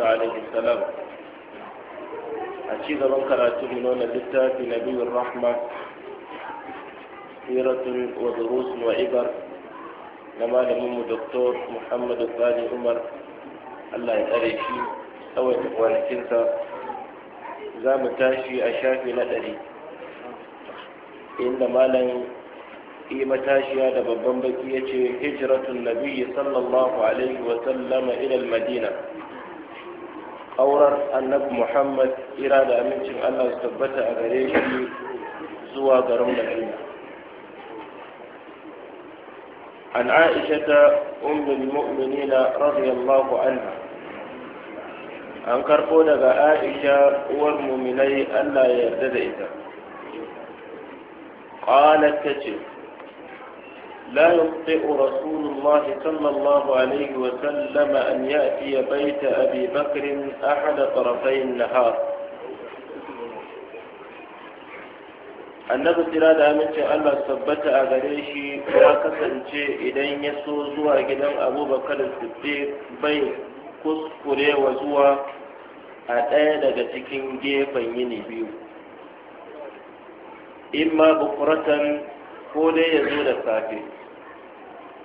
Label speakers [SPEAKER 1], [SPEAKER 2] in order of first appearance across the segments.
[SPEAKER 1] isa alaihi salam a ci gaban karatun nuna littafi na biyun rahma siratun wa durusun wa ibar na malaminmu doktor muhammadu Bani umar allah ya tsare shi tsawon kwanakinsa za mu tashi a shafi na ɗari inda malam yi matashiya da babban baki ya ce hijiratun nabiyyi sallallahu alaihi wa sallama ilal madina أورر أنك محمد إرادة أمنك الله ثبت أغريك زوا درم العلم عن عائشة أم المؤمنين رضي الله عنها أن كربونا عائشة والمؤمنين أن لا يرتد قالت تجد لا يطئ رسول الله صلى الله عليه وسلم أن يأتي بيت أبي بكر أحد طرفي النهار annabi tira da amincin Allah tabbata a gare shi ya kasance idan ya so zuwa gidan abubakar siddiq bai kuskure wa zuwa a ɗaya daga cikin gefen yini biyu imma bukuratan ko dai ya zo da safe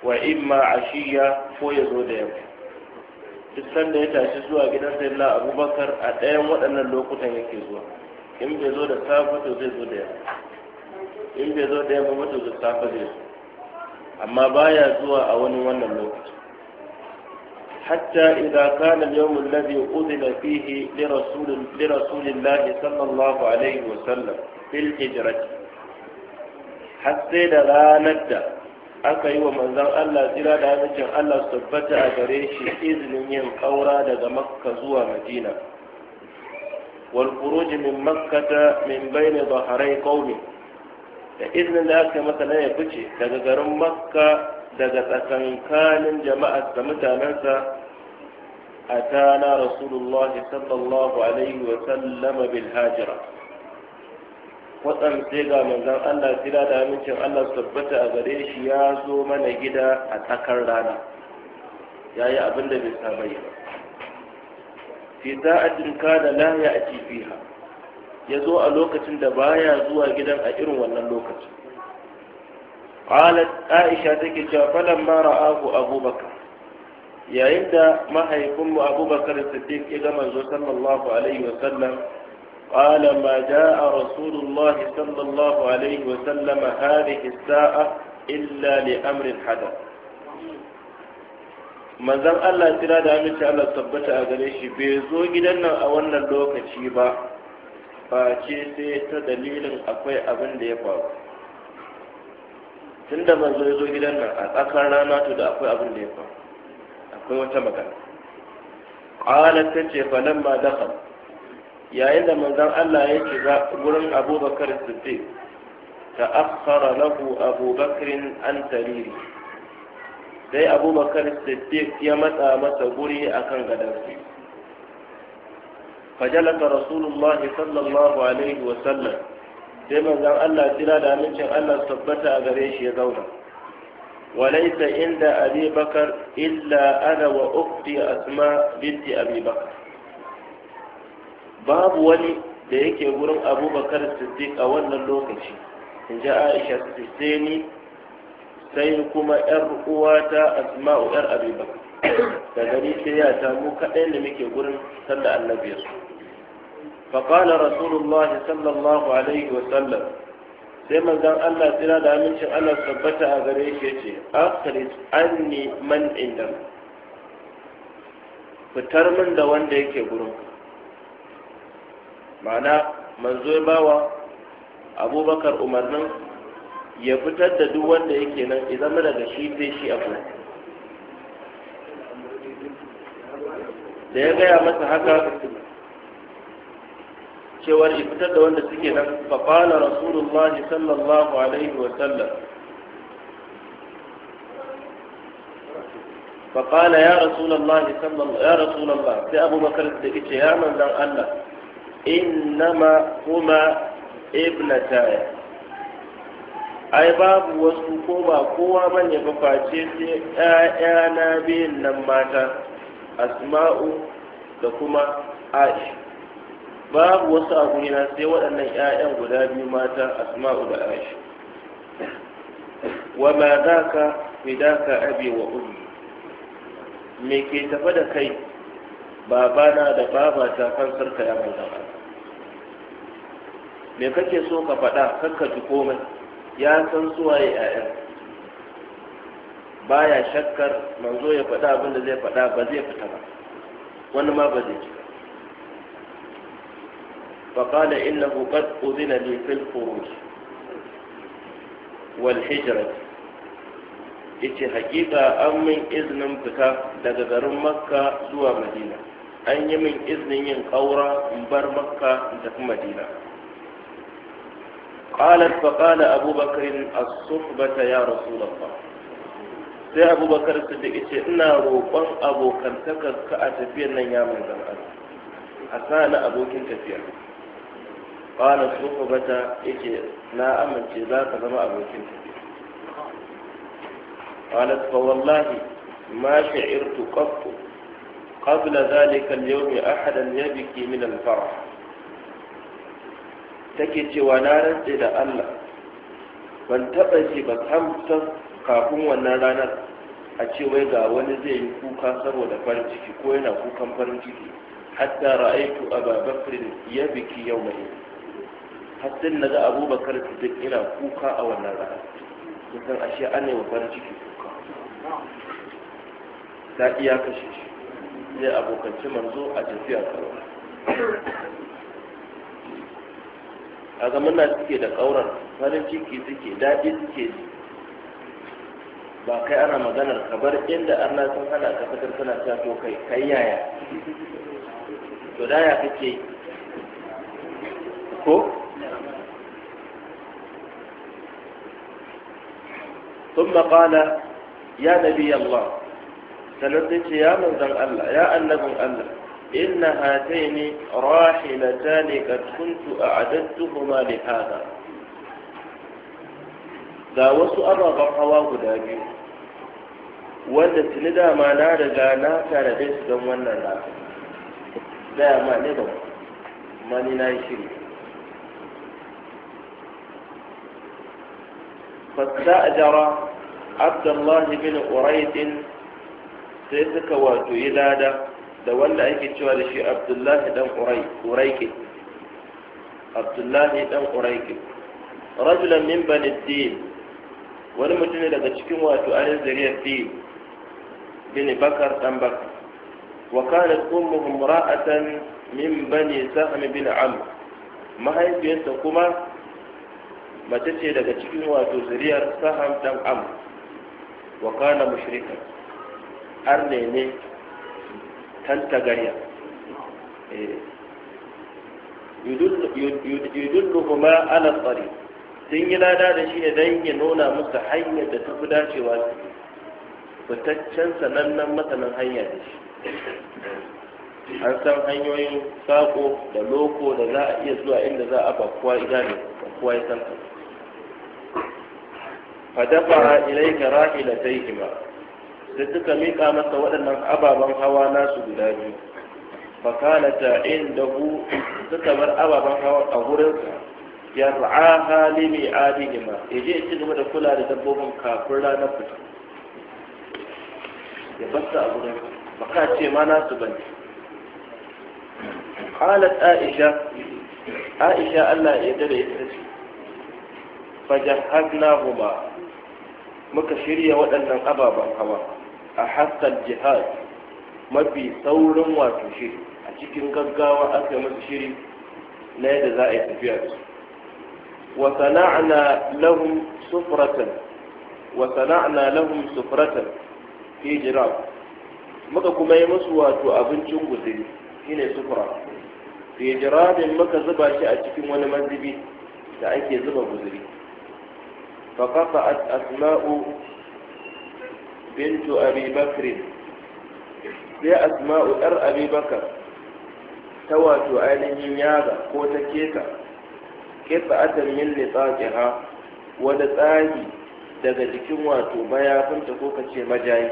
[SPEAKER 1] wa imma ashiya ko ya zo da yamma duk sanda ya tashi zuwa gidan sayyidina abubakar a ɗayan waɗannan lokutan yake zuwa in bai zo da safe to zai zo da yamma in bai zo da yamma ba to da safe zai zo amma baya zuwa a wani wannan lokaci حتى إذا كان اليوم الذي أذن فيه لرسول, لرسول الله صلى الله عليه وسلم في الهجرة حتى لا ندى aka yi wa manzon Allah tsira da hadisin Allah su tabbata a gare shi izinin yin ƙaura daga makka zuwa madina wal khuruj min makkata min bayni dhahrai kauni. da izinin da aka masa na ya fice daga garin makka daga tsakankanin jama'ar da mutanensa a tana rasulullah sallallahu alaihi wa sallama bil hajira kwatsam sai ga manzan Allah sai da amincin Allah tabbata a gare shi ya zo mana gida a tsakar rana ya yi abin da bai saba yi ba fi sa'atin kana la ya'ti fiha ya zo a lokacin da baya zuwa gidan a irin wannan lokacin qalat aisha take cewa mara ra'ahu abubakar yayin da mahaifinmu abubakar siddiq ya ga manzo sallallahu alaihi wa sallam قال ما جاء رسول الله صلى الله عليه وسلم هذه الساعة إلا لأمر حدث manzan Allah tira da aminci Allah tabbata a gare shi bai zo gidan nan a wannan lokaci ba ce sai ta dalilin akwai abin da ya faru tunda manzo ya zo gidan nan a tsakar rana to da akwai abin da ya faru akwai wata magana qalat tace ma dakhal yayin da manzan Allah ya shiga wurin abubakar ta ta'akhkhara lahu Abubakarin an tariri sai abubakar siddiq ya matsa masa guri a kan gadarsu رسول الله صلى الله عليه وسلم sai manzan Allah tira da amincin Allah tabbata a gare shi ya zauna walaita inda Abi Bakar illa ana wa ukhti Asma binti Abi Bakar babu wani da yake wurin abubakar Sisi a wannan lokaci in ji aisha sisseni sai kuma yar uwata asma'u yar ba. da gani sai ya samu kaɗai da muke gurin sallar annabiyar فقال رسول الله صلى الله عليه وسلم sai mazan Allah tsira da amincin Allah tabbata a gare shi yace an anni man indam fitar min da wanda yake gurin ma'ana manzo ya bawa abubakar umarnin ya fitar da duk wanda yake nan ya zama daga shi sai shi abu
[SPEAKER 2] da ya gaya masa
[SPEAKER 1] haka cewar ya fitar da wanda suke nan faƙala rasulullahi sallallahu alaihi wa sallam faƙala ya rasulallah ya rasulallah sai abubakar da ke ce ya manzan allah innama huma ibnataya ai babu wasu ko ba kowa bane ba face sai ƴaƴana biyun nan mata asma'u da kuma aisha babu wasu a gurina sai waɗannan ƴaƴan guda biyu mata asma'u da aisha wa ma zaka fidaka abi wa ummi me ke tafa da kai babana da babata kan sarka ya mai me kake so ka faɗa ka ji komai ya san suwaye ƴaƴan ya shakkar man zo ya faɗa abin da zai faɗa ba zai fita ba wani ma ba zai cika فقال إنه قد أذن لي في الخروج والهجرة ita hakika an min iznin fita daga garin makka zuwa madina an yi min iznin yin ƙaura in bar makka in tafi madina قالت فقال أبو بكر الصحبة يا رسول الله سي أبو بكر صديقي إنا روبان أبو كنتك كأتفينا يا من الأرض أسان أبو كنتفيا قال الصحبة إتي لا أمن جزاك لما أبو كنتفيا قالت فوالله ما شعرت قط قبل ذلك اليوم أحدا يبكي من الفرح take cewa na rantse da Allah ban taɓa ji ba samsan kafin wannan ranar a ce wai ga wani zai yi kuka saboda farin ciki ko yana kukan farin ciki hatta ra'aitu ababakrin ya biki yau mai hatta na ga abubakar siddiq ina kuka a wannan ranar kusan ashe an yi wa farin ciki kuka ta iya kashe shi zai abokanci manzo a tafiya kawai a ga muna suke da ƙaurar farin ciki suke daɗi suke ba kai ana maganar ka bar inda Allah sun hana ka fitar tana ta to kai kai yaya to da ya kake ko ثم قال يا نبي الله سنتك يا ya ذن الله يا النبي الله إن هاتين راحلتان قد كنت أعددتهما لهذا ga wasu ababen hawa guda biyu wanda tuni dama na riga na tanade su don wannan na ya mani ba mani na yi shiri fasta a jara abdullahi bin ƙuraitin sai suka wato yi lada da wanda ake cewa da shi abdullahi dan uraiki abdullahi dan uraiki rajulan min bani din wani mutum ne daga cikin wato ayin zariya fi bin bakar dan bak wa kanat ummuhum ra'atan min bani sahm bin amr mahaifiyarsa kuma mace ce daga cikin wato zariyar saham dan amr wa kana mushrikan arne ne tantagariya yudulluhuma ala tsari sun yi lada da shi ne don ya nuna musu hanyar da ta fi dacewa su fitaccen sanannen masanin hanya da shi an san hanyoyin sako da loko da za a iya zuwa inda za a bakuwa idanu bakuwa ya san ka fadafa ilaika rahilatayhima da suka miƙa masa waɗannan ababen hawa nasu guda biyu fakanata hu suka bar ababen hawa a gurinsa hali mai adini ma ya je ci gaba da kula da dabbobin kafin ranar fita ya basta a gurin baka ce ma nasu bane qalat aisha aisha Allah ya dare ita ce fajahadnahuma muka shirya waɗannan ababen hawa a haƙƙar jihad mafi saurin wato shiri a cikin gaggawa aka masu shiri na yadda za a yi tafiya da su wa sana'na lahum sufratan wa sana'na lahum sufratan fi jirab muka kuma yi musu wato abincin guzuri shine sufra fi jirabin muka zuba shi a cikin wani mazubi da ake zuba guzuri fa asma'u bintu abi bakri asma'u yar abubakar ta wato ainihin yaga ko ta keta kitsa'atan min litsaqiha wada tsagi daga jikin wato bayafinta ko kace majayi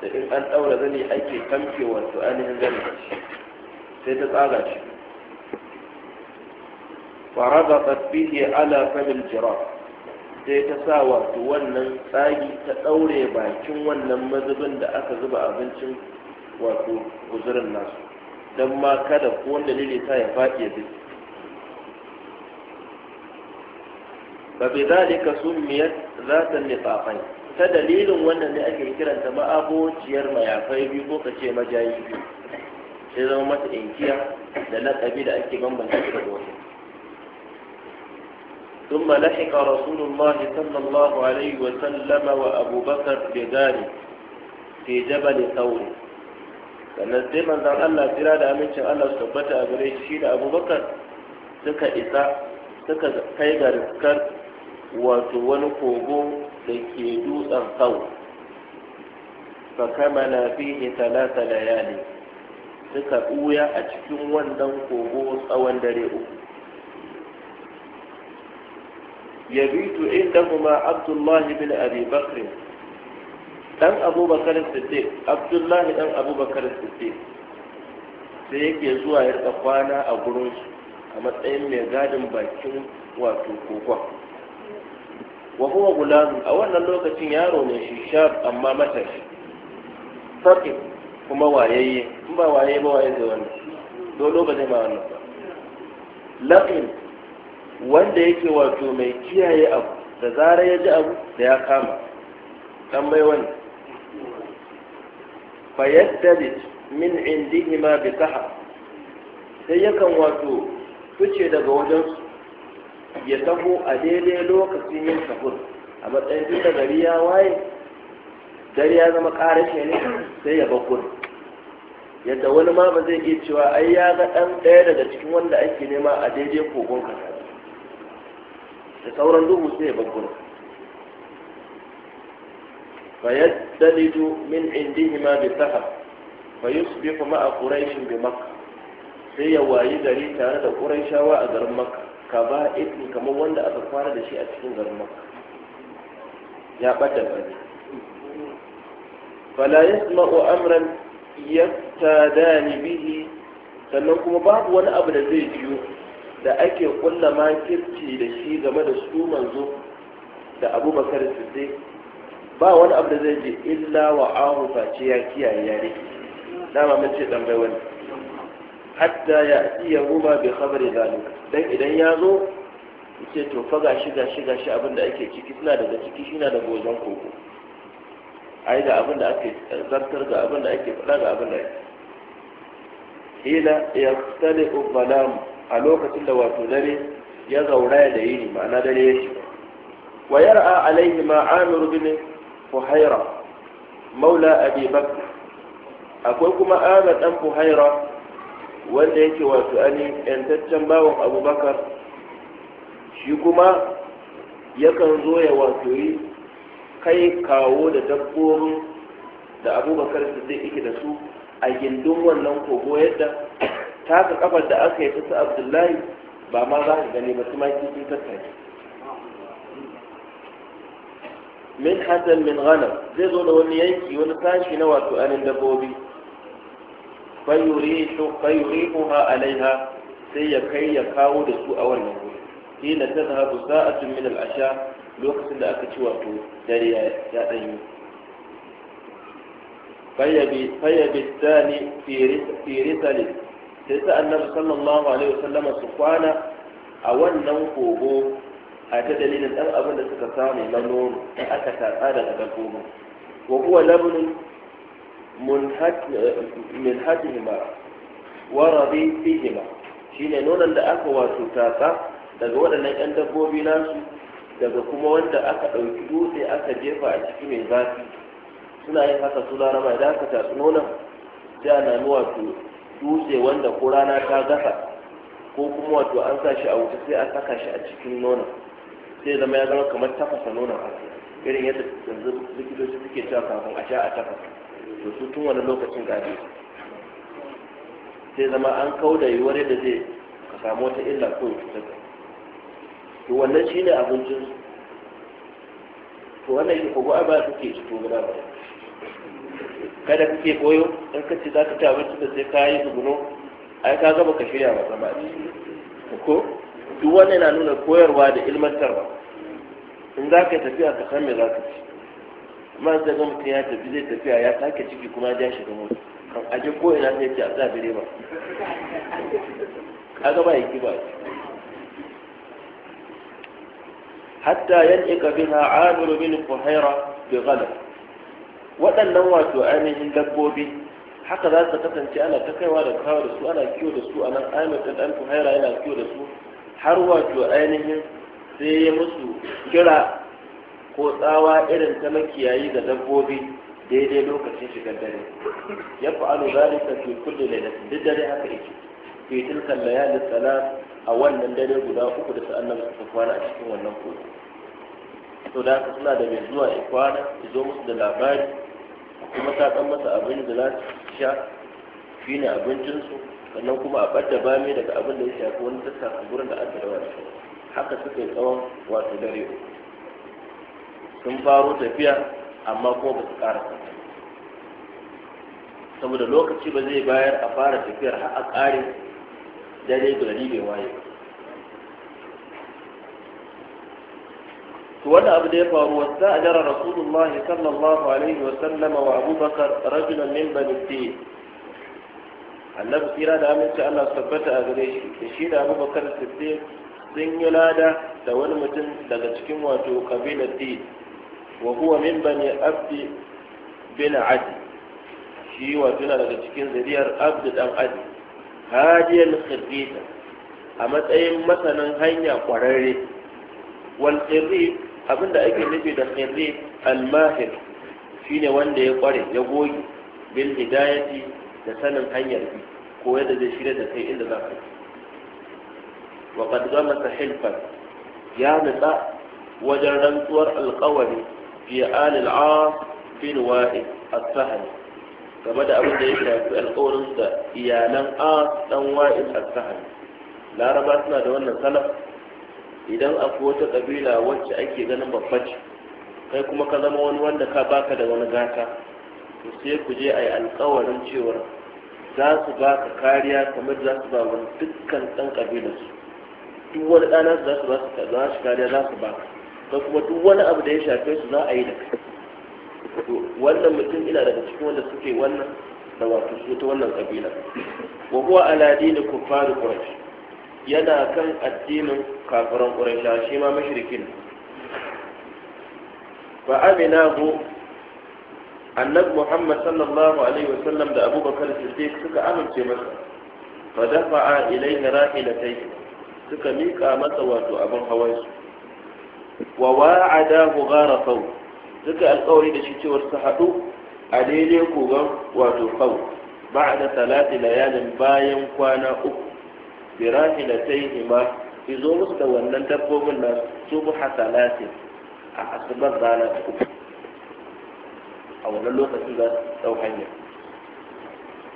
[SPEAKER 1] da in an daura zane ake kamfe wato ainihin zane sai ta tsaga shi faradatat bihi ala famil jirah sai ta sa wato wannan tsagi ta ɗaure bakin wannan mazubin da aka zuba abincin wato guzurin nasu don ma kada ko wanda lili ta ya faɗi ya zai ba bai su summiyat zatan liqafai ta dalilin wannan ne ake kiranta ma'abociyar mayafai biyu ko kace majayi biyu sai zama mata inkiya da laƙabi da ake bambanta da wasu ثم لحق رسول الله صلى الله عليه وسلم وأبو بكر بذلك في جبل ثور sannan manzan Allah jira da amincin Allah su tabbata a gare shi da abubakar suka isa suka kai ga wato wani kogo da ke dutsen sau fa kama na fihi talata layali suka ɓuya a cikin wannan kogo tsawon dare uku بن ابي abdullahi bin ابو بكر الصديق عبد الله abdullahi ابو بكر الصديق sai yake zuwa ya rika kwana a gurin su a matsayin mai gadin bakin wato kokon wa huwa gulamu a wannan lokacin yaro ne shi shab amma matashi faqi kuma wayayye in ba waye ba waye zai wannan dole ba zai ma wannan ba laqin wanda yake wato mai kiyaye abu da zara ya ji abu da ya kama dan bai wani fayaddabit min ma bi kaha sai yakan wato fice daga wajensu ya taho a daidai lokacin yin sahur a matsayin duka da gari ya waye gari ya zama karashe ne sai ya bakur yadda wani ma ba zai iya cewa ai ya ga ɗan ɗaya daga cikin wanda ake nema a daidai kogon kasa da sauran duhu sai ya min indihima bi sahab fa yusbihu ma'a مع bi بمكة sai ya wayi gari tare da quraishawa a garin makka ka ba ibn kamar wanda aka kwana da shi a cikin garin makka ya ɓata gari fala yasma'u amran yaftadani bihi sannan kuma babu wani abu da zai biyo da ake kulla makirci da shi game da su manzo da bakar siddiq ba wani abu da zai je illa wa ahu face ya kiyaye ya rike dama mun ce dan bai wani hatta ya iya ruba bi khabari zalika dan idan ya zo ce to fa ga gashi gashi shi abin da ake ciki suna daga ciki shi na daga wajen koko ai ga abin da ake zartar ga abin da ake faɗa ga abin da ake hila yaqtali balam a lokacin da wato dare ya zaura da yini ma'ana dare ya shiga wa a alaihi ma amir bin fuhaira maula abi bakr akwai kuma amir dan fuhaira wanda yake wato ani yantaccen bawan abubakar shi kuma yakan zo ya wato yi kai kawo da dabbobin da abubakar su zai ike da su a gindin wannan kogo yadda taka kafar da aka yi ta su abdullahi ba ma za ka gani ba su ma sun tattaki min hasan min ghanam zai zo da wani yanki wani sashi na wato anin dabbobi fayurihuha alaiha sai ya kai ya kawo da su a wannan wuri na ta a tun min al'asha lokacin da aka ci wato dare ya ɗanyi fayyabi tsani fi sai sa annabi sallallahu alaihi wasallama su kwana a wannan kogo a ta dalilin dan abin da suka samu na nono da aka tatsa daga dabbobin wa huwa labnun min hatihima wa rabi shine nonon da aka wato tatsa daga waɗannan 'yan dabbobi nasu daga kuma wanda aka ɗauki dutse aka jefa a ciki mai zafi suna yin haka su laraba idan aka tatsi nonon sai a wato dutse wanda ko rana ta gasa ko kuma wato an sa shi a wuta sai a saka shi a cikin nono sai zama ya zama kamar tafasa nono a irin yadda yanzu likitoci suke cewa kafin a sha a tafasa to su tun wani lokacin gaji sai zama an kauda yiwuwar yadda zai ka samu wata illa ko cutar to wannan shine abincin to wannan shi kogo ba suke ci to guda ba kada kake koyo in ka ce za ka ci abinci da sai ka yi tsuguno ai ka gaba ka shirya ba zama ko duk wannan na nuna koyarwa da ilmantarwa in za ka tafiya ka san me za ka ci amma sai ga mutum ya tafi zai tafiya ya sake ciki kuma ya shiga mota kan aje ko ina sai ce a sa direba kaga ba yake ba hatta yan'iqa biha amiru bin fuhaira bi ghalab waɗannan wato ainihin dabbobi haka za su kasance ana ta kaiwa da kawo da su ana kiwo da su a nan amir ɗan ɗan tuhaira yana kiwo da su har wato ainihin sai ya musu kira ko tsawa irin ta makiyayi ga dabbobi daidai lokacin shigar dare ya zari zalika fi da yana duk dare haka yake fi tilka layalin sana a wannan dare guda uku da sa'an nan su kwana a cikin wannan kotu. to da haka suna da mai zuwa ya kwana ya zo musu da labari kuma ta kan masa abin da za su sha shi ne abincinsu sannan kuma a ɓadda bami daga abin da ya shafi wani a gurin da aka da wani haka suka yi tsawon wato dare sun faro tafiya amma kuma ba su ƙara saboda lokaci ba zai bayar a fara tafiyar har a ƙare dare da bai waye ba to wannan abu da ya faru wasta ajara rasulullah sallallahu alaihi wa sallama wa abubakar rajulan min bani tayyib annabi tsira da aminci Allah su tabbata a gare shi da shi da abubakar siddiq sun yi lada da wani mutum daga cikin wato kabilar tayyib wa huwa min bani abdi bin adi shi wato na daga cikin zuriyar abdi dan adi hadiyal khirgita a matsayin masanin hanya kwararre wal khirgita da ake nufi da khizib al-mahir shine wanda ya kware ya goge bil hidayati da sanin hanyar bi ko yadda zai shirya da kai inda za ka wa qad gamasa hilfan ya nutsa wajen rantsuwar alƙawari fi alil as bin wa'id as-sahli game da abin da ya shafi alƙawarin da iyalan ɗan dan wa'id as-sahli laraba suna da wannan salaf idan akwai wata kabila wacce ake ganin babba ce kai kuma ka zama wani wanda ka baka da wani gata to sai ku je a yi alkawarin cewa za su baka kariya kamar za su ba wani dukkan ɗan su duk wani ɗana za su ba su za su kariya za su baka kai kuma duk wani abu da ya shafe su za a yi da kai wannan mutum ina daga cikin wanda suke wannan da wato su ta wannan kabila wa huwa ala ku faru quraish yana kan addinin kafiran ƙuraisha shi ma mashirikin fa amina go annabi muhammad sallallahu alaihi wasallam da abubakar siddiq suka amince masa fa dafa'a ilayhi rahilatai suka mika masa wato abin hawansu wa wa'adahu ghara faw suka alƙawari da shi cewar su haɗu a daidai kogon wato faw ba'da salati layalin bayan kwana uku birahi da ta yi ma fi zo musu da wannan dabbobin a asibar rana ta uku a wannan lokacin da ɗau hanya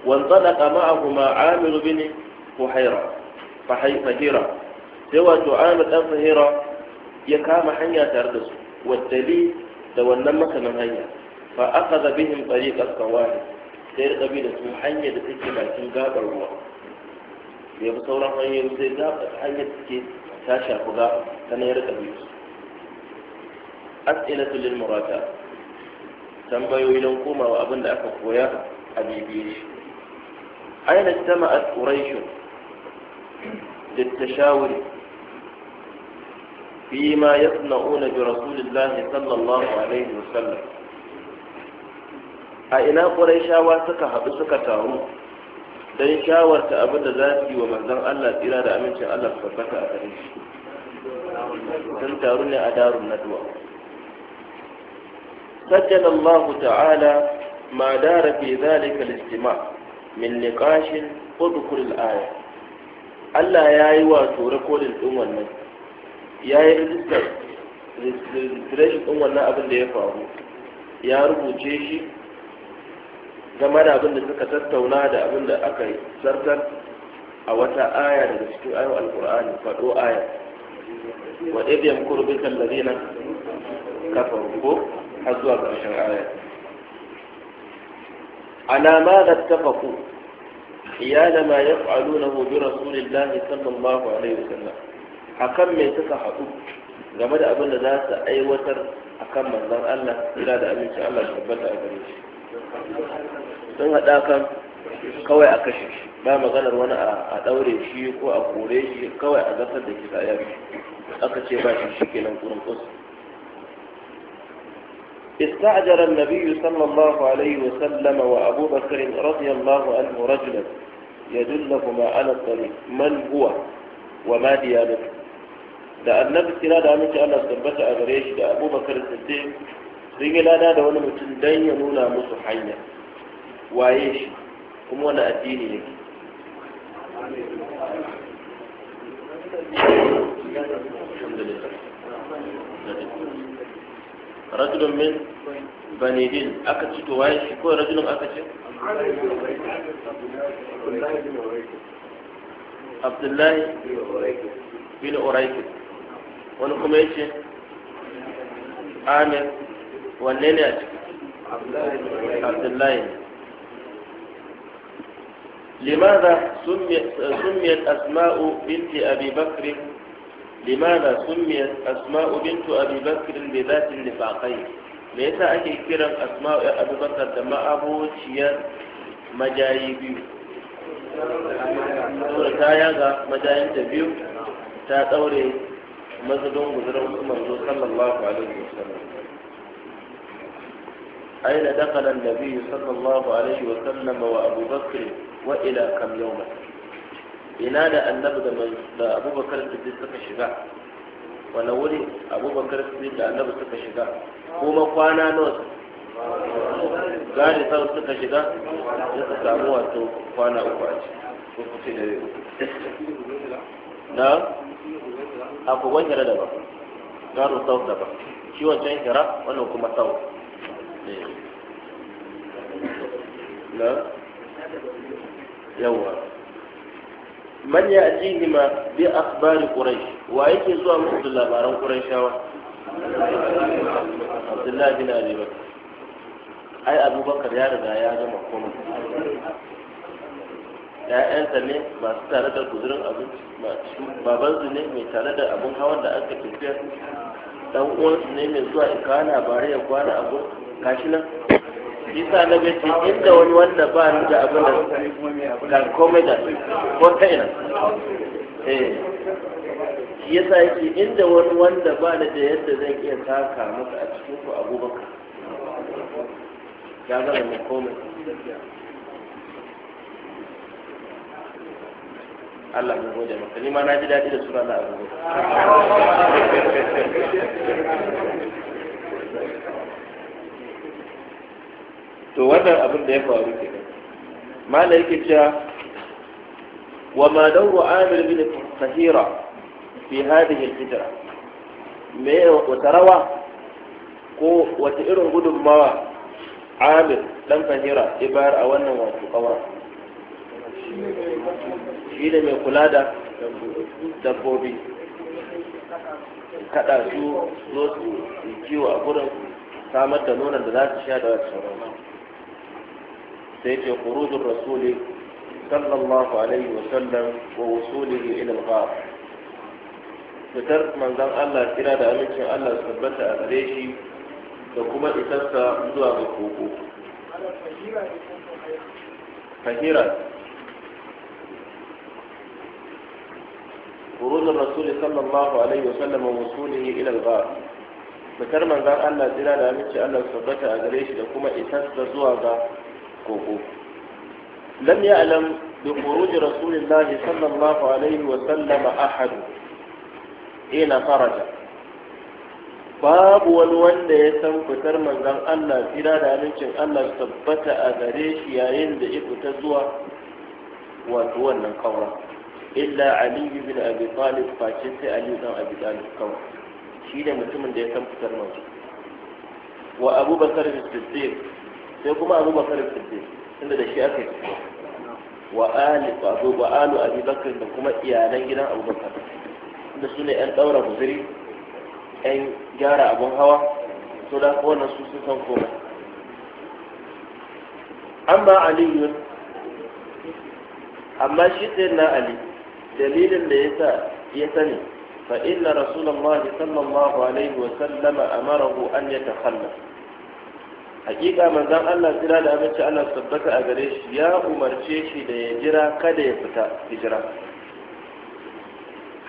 [SPEAKER 1] wanzu da kama a kuma amiru bini ko haira sai wato amir ɗan fahira ya kama hanya tare da su wadali da wannan makamin hanya fa aka zabihin ɓari ƙasƙan wani sai ya ɗabi da su hanyar da take bakin gaɓar ruwa da ya fi sauran hanyoyin zai zaɓa hanyar da ke ta shafi ga ta na yarda biyu as'ilatu lil murata tambayoyi don komawa abin da aka koya a bibiye shi aina jama'at quraish للتشاور فيما يصنعون برسول الله صلى A ina وسلم shawa suka haɗu suka taru? sai shawarta abin da za su yi wa manzon Allah tsira da amincin Allah su tabbata a gare shi sun taru ne a darun nadwa ta'ala ma dara fi zalika al ذلك min من نقاش al-aya Allah ya yi wato rikodin ɗin wannan ya yi rijistar registration ɗin wannan abin da ya faru ya rubuce shi game da abin da suka tattauna da abin da aka zartar a wata aya daga cikin ayon alkur'ani faɗo aya wa ɗaya biyan kurbin tallabi na kafin ko har zuwa ƙarshen aya ma da ya da ma ya faɗo na ku rasulillahi sallallahu alaihi a akan mai suka haɗu game da abin da za su aiwatar a kan manzan Allah ila da abinci Allah tabbata a gare shi
[SPEAKER 2] sun haɗa kan kawai a
[SPEAKER 1] kashe shi ba maganar wani a ɗaure shi ko a kore shi kawai a zartar da kisa ya shi aka ce ba shi shi ke nan kurin kusa استعجل النبي صلى الله عليه وسلم وابو بكر رضي الله عنه رجلا يدلهما على الطريق من هو وما ديانته da النبي kira da amince Allah tabbata a gare shi sun yi lada da wani mutum don ya nuna musu hanya waye shi kuma wani addini ne rajulun min banidin aka ci to waye shi ko rajulun aka ce abdullahi bin uraikin wani kuma ya ce amir wanne ne a ciki abdullahi لماذا سميت أسماء بنت أبي بكر لماذا سميت أسماء بنت أبي بكر بذات النفاقين ليس أكي كرم أسماء أبي بكر دماء أبو شير مجايبي
[SPEAKER 2] ta yaga majayinta biyu ta
[SPEAKER 1] ɗaure mazubin guzurin manzo sallallahu alaihi wasallam أين دخل النبي صلى الله عليه وسلم وأبو بكر وإلى كم يوما إلى أن نبدأ من أبو بكر الصديق شجاع wani wuri abubakar siddiq da annabi suka shiga kuma kwana nawa gari sau suka shiga da su samu wato kwana uku a ko kuce da yau na a kogon hira daban garo sau daban shi wancan wannan kuma sau na yawa man ya ajihi ma bi akhbari quraish wa yake zuwa musu da labaran qurayshawa abdullahi bin abi bakr ai abubakar ya riga ya gama komai ‘ya'yansa ne masu tare da guzurin abinci babansu ne mai tare da abin hawan da aka tafiya ɗan uwansu ne mai zuwa ikana bare ya kwana abu. gashi nan isa na gaci inda wani wanda ba ni da abin da ga komai da ko ta ina eh yasa yake inda wani wanda ba ni da yadda zan iya taka masa a cikin ku abubakar ya gana mai komai Allah mu gode maka ni ma na ji daɗi da sura na abubuwa to wannan abin da ya faru ke mala yake cewa wa ma dawru amir bin tahira fi hadhihi al-hijra me wata rawa ko wata irin gudunmawa amir dan fahira ibar a wannan wato kawar
[SPEAKER 2] shi ne mai kula da dabbobi kada su zo su kiwo a gurin samar da nonon da za su
[SPEAKER 1] sha da wasu sauransu sai ce khurujur rasuli sallallahu alaihi wa sallam wa wasulihi ila al-ghar fitar manzon Allah kira da amincin Allah su tabbata a gare shi da kuma isarsa zuwa ga koko fahira خروج الرسول صلى الله عليه وسلم ووصوله إلى الغار fitar manzan Allah jira da amincin Allah su tabbata a gare shi da kuma isarsa zuwa ga koko lam ya'lam bi khuruj rasulillah sallallahu alaihi wa sallam ahad ina faraja babu wani wanda ya san fitar manzon Allah tsira da amincin Allah tabbata a gare shi yayin da ya fita zuwa wato wannan kawra illa ali bin abi talib face sai ali dan abi talib kawai shi ne mutumin da ya san fitar manzo wa abu abubakar siddiq sai kuma abu bakar siddiq inda da shi aka yi wa ali wato wa alu abi bakar da kuma iyalan gidan abu bakar inda su ne yan daura guzuri yan gyara abun hawa to da kowane su sun san komai amma aliyun amma shi sai na ali dalilin da yasa ya sani fa inna rasulullahi sallallahu alaihi wa sallama amarahu an yatakhallaf hakika manzon Allah tsira da abinci Allah tabbata a gare shi ya umarce shi da ya jira kada ya fita hijira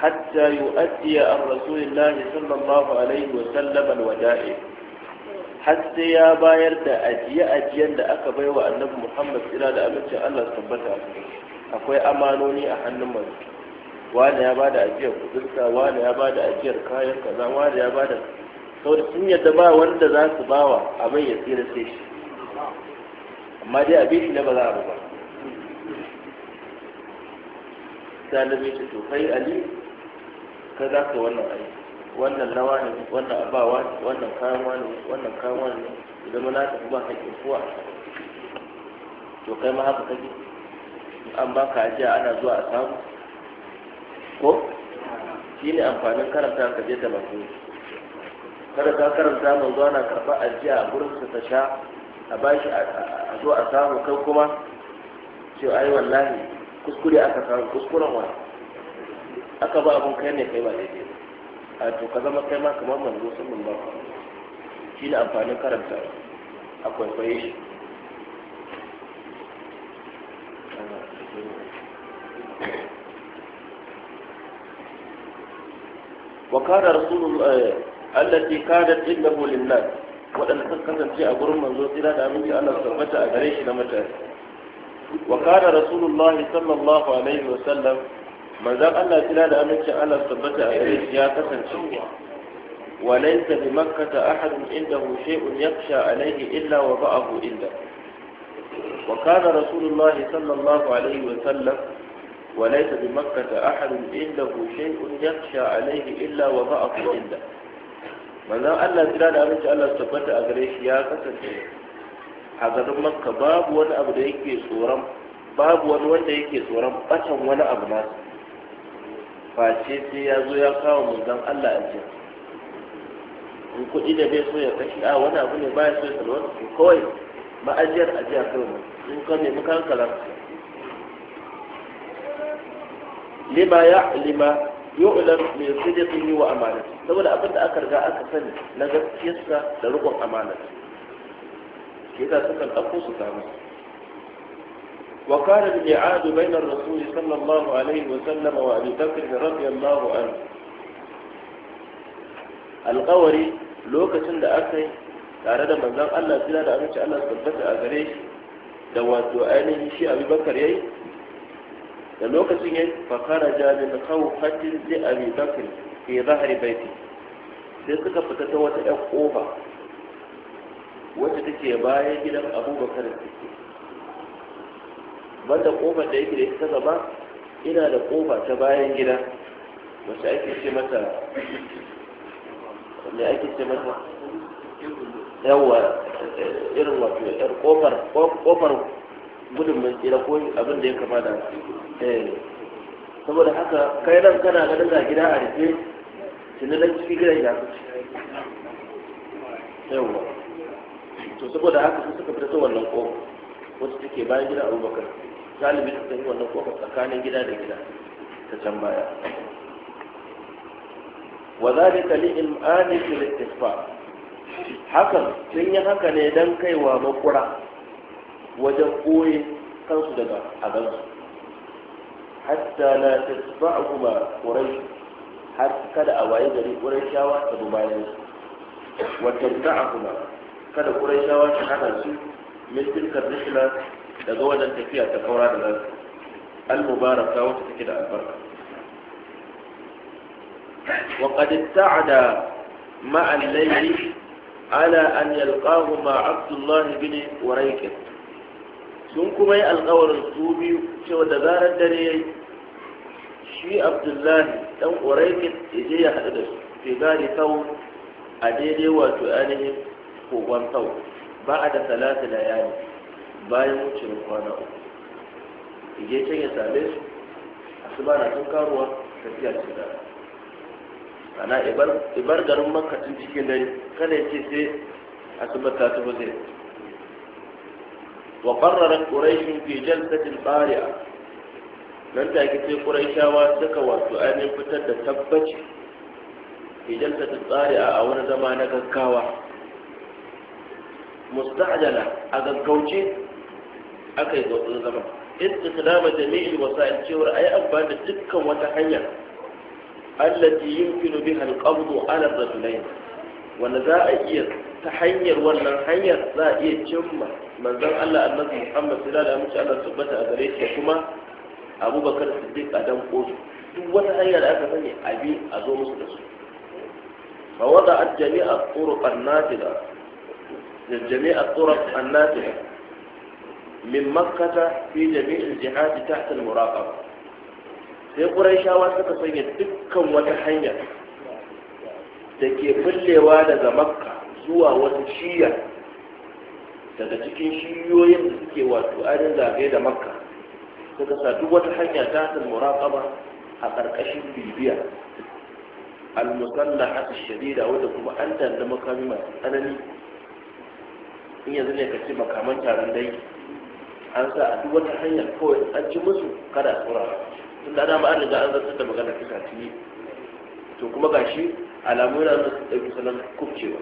[SPEAKER 1] hatta yu'addi an rasulullah sallallahu alaihi wa sallam alwada'i hatta ya bayar da ajiye ajiyen da aka bai wa annabi Muhammad tsira da abinci Allah tabbata akwai amanoni a hannun manzo wani ya bada ajiyar sa, wani ya bada ajiyar kayan kaza wani ya bada saboda sun yadda ba wanda za su bawa abin ya tsira sai shi amma dai abin shi na ba za a ba salibi ta to kai ali ka za ka wannan aiki wannan lawa ne wannan abawa ne wannan kawo ne wannan kawo ne idan na tafi ba haƙƙin kuwa to kai ma haka kake an ba ka ajiya ana zuwa a samu ko shi ne amfanin karanta ka je ta masu kada ka karanta manzo ana karba ajiya a gurin ta sha a bashi a zo a samu kai kuma ce ai wallahi kuskure aka samu kuskuren wa. aka ba abun kai ne kai ba daidai a to ka zama kai ma kamar manzo mun ba. shi ne amfanin karanta a kwaikwaye shi وقال رسول الله allati kadat indahu lillah wadanda suka kasance a gurin manzo tsira da aminci Allah tabbata a gare shi na mutane wa kana rasulullah sallallahu alaihi wa sallam manzon Allah tsira da aminci Allah tabbata a gare shi ya kasance wa laysa bi makkah ahad indahu shay'un yakhsha alaihi illa wa ba'ahu inda. wa kana rasulullah sallallahu alaihi wa sallam وليس بمكة أحد عنده شيء يخشى عليه إلا وضعه عنده manzan Allah jira da abinci Allah su tabbata a gare shi ya kasance a garin Makka babu wani abu da yake tsoron babu wani wanda yake tsoron bacin wani abu na face sai ya zo ya kawo manzan Allah a cikin in kuɗi da bai so ya kashi a wani abu ne ba ya so ya salwar su kawai ma'ajiyar ajiya kai mu in ka nemi kan kalar lima ya lima yu'lam min sidqihi wa amanatihi saboda abin da aka riga aka sani na gaskiyarsa da rikon amanar ke da sukan ɗauko su samu وكان الميعاد بين الرسول صلى الله عليه وسلم وابي بكر رضي الله عنه القوري lokacin da aka yi tare da manzan Allah sila da aminci Allah tabbata a gare shi da wato ainihin shi abu bakar ya yi da lokacin ya yi fakara jami'in kawo hajjin zai abu fi zahari baiti sai suka fita ta wata ɗan ƙofa wacce take bayan gidan abubakar ciki banda ƙofar da yake da ita gaba ina da ƙofa ta bayan gida wacce ake ce mata ne ake ce mata yawa irin wato yar ƙofar ƙofar gudun mai tsira ko abin da ya kama da eh, saboda haka kai nan kana ganin ga gida a rufe tuni nan cikin gidan ya kuce yawwa to saboda haka su suka fita wannan kofa wacce take bayan gidan abubakar galibi ta yi wannan kofa tsakanin gida da gida ta can baya wa zalika li imani fil istifar hakan sun yi haka ne dan kaiwa makura wajen koye kansu daga a agansu hatta la tasba'uhuma quraish har kada a waye gari ƙurayshawa ta bi bayan su wata kuma, kada ƙurayshawa ta hana su min tilkar daga wannan tafiya ta kaura da nasu al-mubaraka wata take da albarka وقد ابتعد مع الليل على أن يلقاه مع عبد الله بن وريكه sun kuma yi alkawarin su biyu cewa da zarar dare ya yi shi abdullahi dan ƙuraikin je ya haɗu da su fi gari tau a daidai wato ainihin kogon tau ba a da talata da yayi bayan wucewar kwana uku ije can ya same su ba na tun karuwa tafiya su da ana ibar garin makka tun cikin dare kada ya ce sai bata su ba zai wa qarrarat quraish fi jalsatin nan ta take sai ƙuraishawa suka wato ainihin fitar da tabbaci idan ta tsari a wani zama na gaggawa musta'jala a gaggauce aka yi zautsun zama in ta istiqdama jami'il wasa'il cewar ayi amfani da dukkan wata hanya allati yumkinu biha al-qabdu ala ar-rajulayn wanda za a iya ta hanyar wannan hanyar za a iya cimma manzon Allah annabi Muhammad sallallahu alaihi wasallam tabbata a gare shi kuma abubakar siddiq a dan kosu duk wata hanya da aka sani abi a zo musu da su fa wada at jami'a turuq an-nafila jami'a turuq an-nafila min makkah fi jami'in jihad tahta al-muraqaba sai ƙuraishawa suka sanya dukkan wata hanya da ke fillewa daga makka zuwa wata shiya daga cikin shiyoyin da suke wato ainihin zagaye da makka suka sa duk wata hanya ta hatin muraqaba a ƙarƙashin bibiya almusalla haka shadida wadda kuma an tanda makami masu tsanani in yanzu ne ka ce makaman taron dai an sa a duk wata hanyar kawai an ci musu kada tsura tun da dama an riga an zartar da magana ta tuni to kuma gashi alamu yana nuna su ɗauki salon kubcewa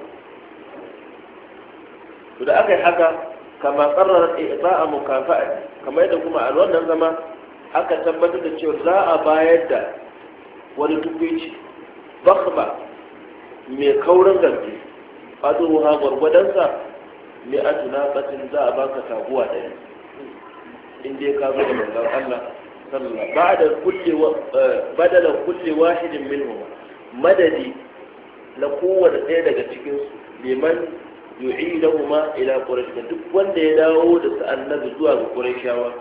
[SPEAKER 1] to da aka yi haka kama qarrar a mukafa'ati kamar yadda kuma a wannan zama aka tabbatar da cewa za a bayar da wani tukwici bakma mai kaurin gaske faduha gwargwadonsa mai tuna tsakin za a baka taguwa da in dai ka zo da manzon Allah sallallahu ba'da eh, kulli wahidin minhum madadi na kowane ɗaya daga cikinsu neman liman yu'idahuma ila quraish duk wanda ya dawo da su annabi zuwa ga quraishawa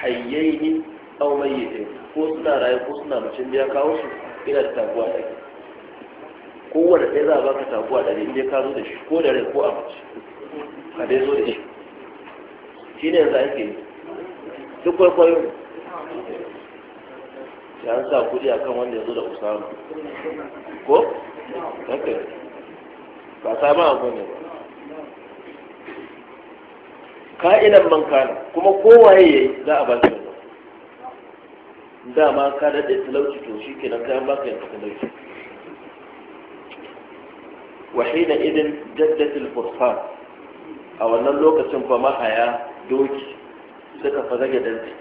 [SPEAKER 1] hayyaini aw mayyitin ko suna raye ko suna mutum da ya kawo su ina da taguwa da ke Kowanne ɗaya za a baka taguwa da ne inda ka zo da shi ko da rai ko a mace ka dai zo da shi shi ne yanzu ake yi duk kwaikwayo ya an sa kuɗi akan wanda ya zo da usama
[SPEAKER 2] ko? ok
[SPEAKER 1] ba ma abu ne ba ka'ilan man kana kuma kowaye yayi za a ba shi dama ka da talauci to shi kenan kayan baka yanka talauci wahina idin jaddatul furfan a wannan lokacin fa mahaya doki suka fa zage dantsi